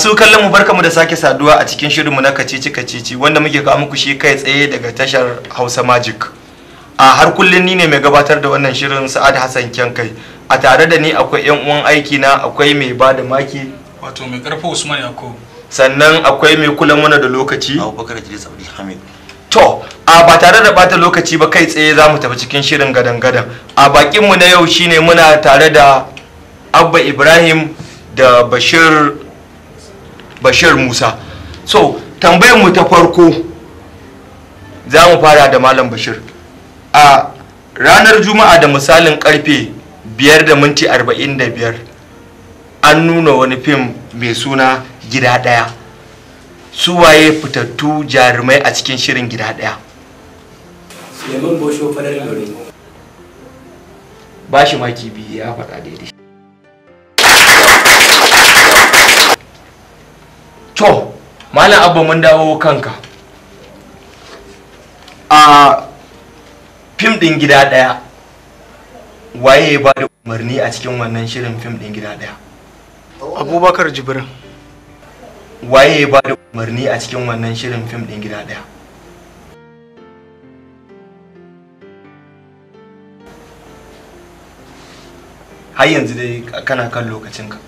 Masu kallon mu barkamu da sake saduwa a cikin shirinmu na kacici kacici wanda muke kawo muku shi kai tsaye daga tashar Hausa Magic. A har kullun ni ne mai gabatar da wannan shirin Sa'ad Hassan Kyankai. A tare da ni akwai yan uwan aiki na akwai mai ba da maki wato mai karfa Usman Yakubu. Sannan akwai mai kula mana da lokaci Abubakar Idris Abdulhamid. To, a ba tare da bata lokaci ba kai tsaye za mu tafi cikin shirin gadan-gadan. A bakinmu na yau shine muna tare da Abba Ibrahim da Bashir bashir musa so tambayar mu ta farko za mu fara da malam bashir a ranar juma'a da misalin karfe 5 da minti 45 an nuna wani fim mai suna gida daya su waye fitattu jarumai a cikin shirin gida daya suleiman bosho farar ba shi maki biyu ya faɗa daidai to malam abba mun dawo kanka a fim din gida daya waye ya ba umarni a cikin wannan shirin fim din gida daya abubakar jibrin waye ya bada umarni a cikin wannan shirin fim din gida daya har yanzu dai kana kan lokacinka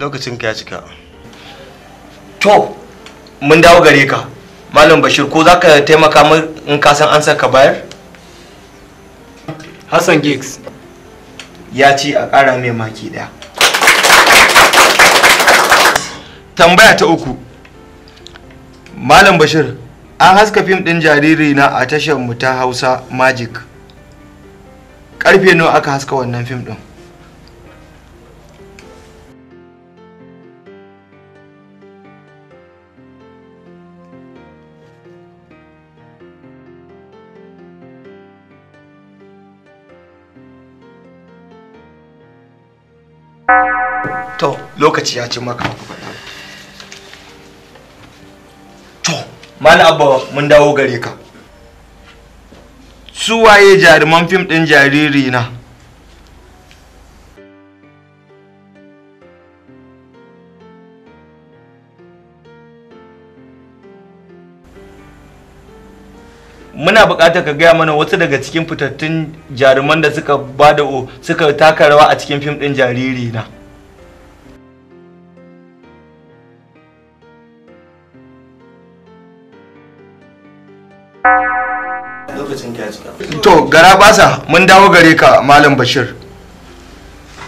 lokacin ka ya cika to mun dawo gare ka malam bashir ko za ka taimaka min in ka san ansar ka bayar hassan gigs ya ci a ƙara mai maki ɗaya tambaya ta uku malam bashir an haska fim ɗin jariri na a tashar mu ta hausa magic ƙarfe nawa aka haska wannan fim ɗin to lokaci ya ci maka to mana abba mun dawo gare ka su waye jaruman fim ɗin jariri na muna buƙatar ka gaya mana wasu daga cikin fitattun jaruman da suka bada suka taka rawa a cikin fim ɗin jariri na to gara basa mun dawo gare ka malam bashir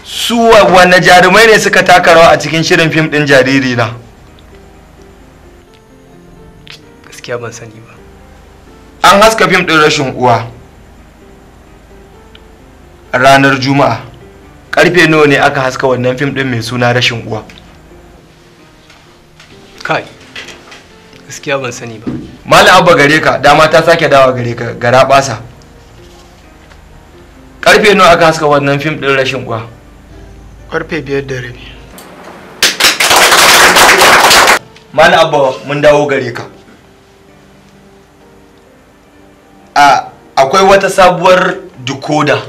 su wanne jarumai ne suka taka rawa a cikin shirin fim ɗin jariri na gaskiya ban sani ba an haska fim ɗin rashin uwa ranar juma'a karfe nawa ne aka haska wannan fim ɗin mai suna rashin uwa kai gaskiya ban sani ba malam abba gare ka dama ta sake dawa gare ka gara basa karfe nawa aka haska wannan fim ɗin rashin uwa karfe biyar da rabi malam abba mun dawo gare ka akwai wata sabuwar dukoda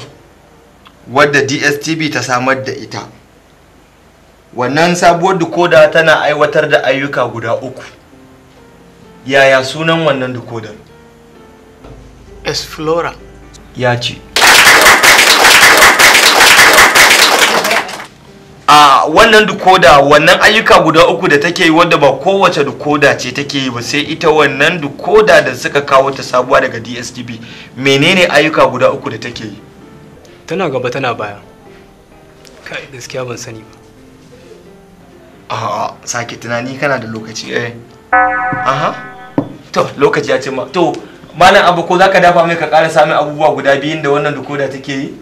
wadda dstv ta samar da ita wannan sabuwar dukoda tana aiwatar da ayyuka guda uku yaya sunan wannan decoder esflora ya ce wannan dukoda wannan ayyuka guda uku da take yi wadda ba kowace dukoda ce take yi ba sai ita wannan dukoda da suka kawo ta sabuwa daga dstv menene ayyuka guda uku da take yi tana gaba tana baya kai gaskiya ban sani ba a sake tunani kana da lokaci eh aha to lokaci ya ce ma to malam abu ko zaka dafa mai ka ƙara samun abubuwa guda biyun da wannan dukoda take yi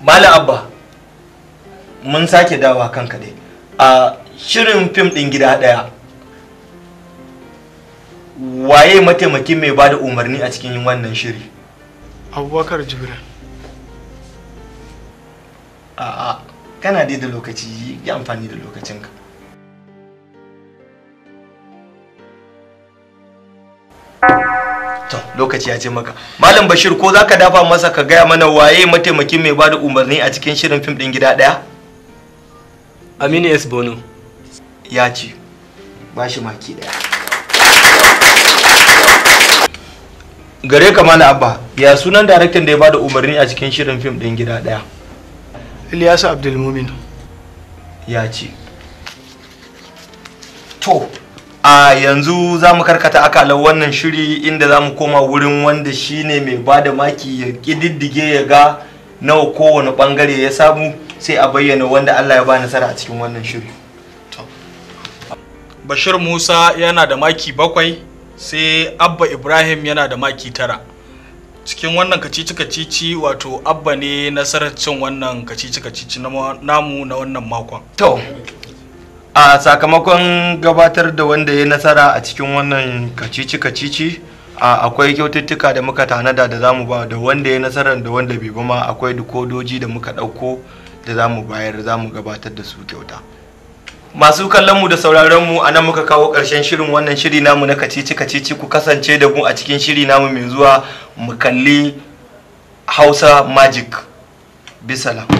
Malam Abba, mun sake dawa kanka dai. A shirin fim ɗin gida ɗaya, waye mataimakin mai bada umarni a cikin wannan shiri? Abubakar Jibril. A'a, kana dai da lokaci, yi amfani da lokacinka. to lokaci ya ce maka malam bashir ko zaka dafa masa ka gaya mana waye mataimakin mai bada umarni a cikin shirin fim din gida daya aminu s bono ya ce ba shi maki daya gare ka mana abba ya sunan daraktan da ya bada umarni a cikin shirin fim din gida daya Ilyasu Abdulmumin ya ce. to a yanzu za mu karkata akalar wannan shiri inda za mu koma wurin wanda shi ne mai ba da maki ya ƙididdige ya ga nawa kowane bangare ya samu sai a bayyana wanda allah ya ba nasara a cikin wannan shiri bashir musa yana da maki bakwai sai abba ibrahim yana da maki tara cikin wannan kacici-kacici wato abba ne nasarar cin wannan kacici-kacici namu na wannan makon a sakamakon gabatar da wanda ya nasara a cikin wannan kacici-kacici akwai kyaututtuka da muka tanada da zamu ba da wanda ya nasara da wanda bai ba ma akwai dukodoji da muka ɗauko da zamu bayar zamu gabatar da su kyauta masu kallon mu da sauraron mu anan muka kawo karshen shirin wannan shiri namu na kacici kacici ku kasance da mu a cikin shiri namu mai zuwa mu kalli hausa magic bisalam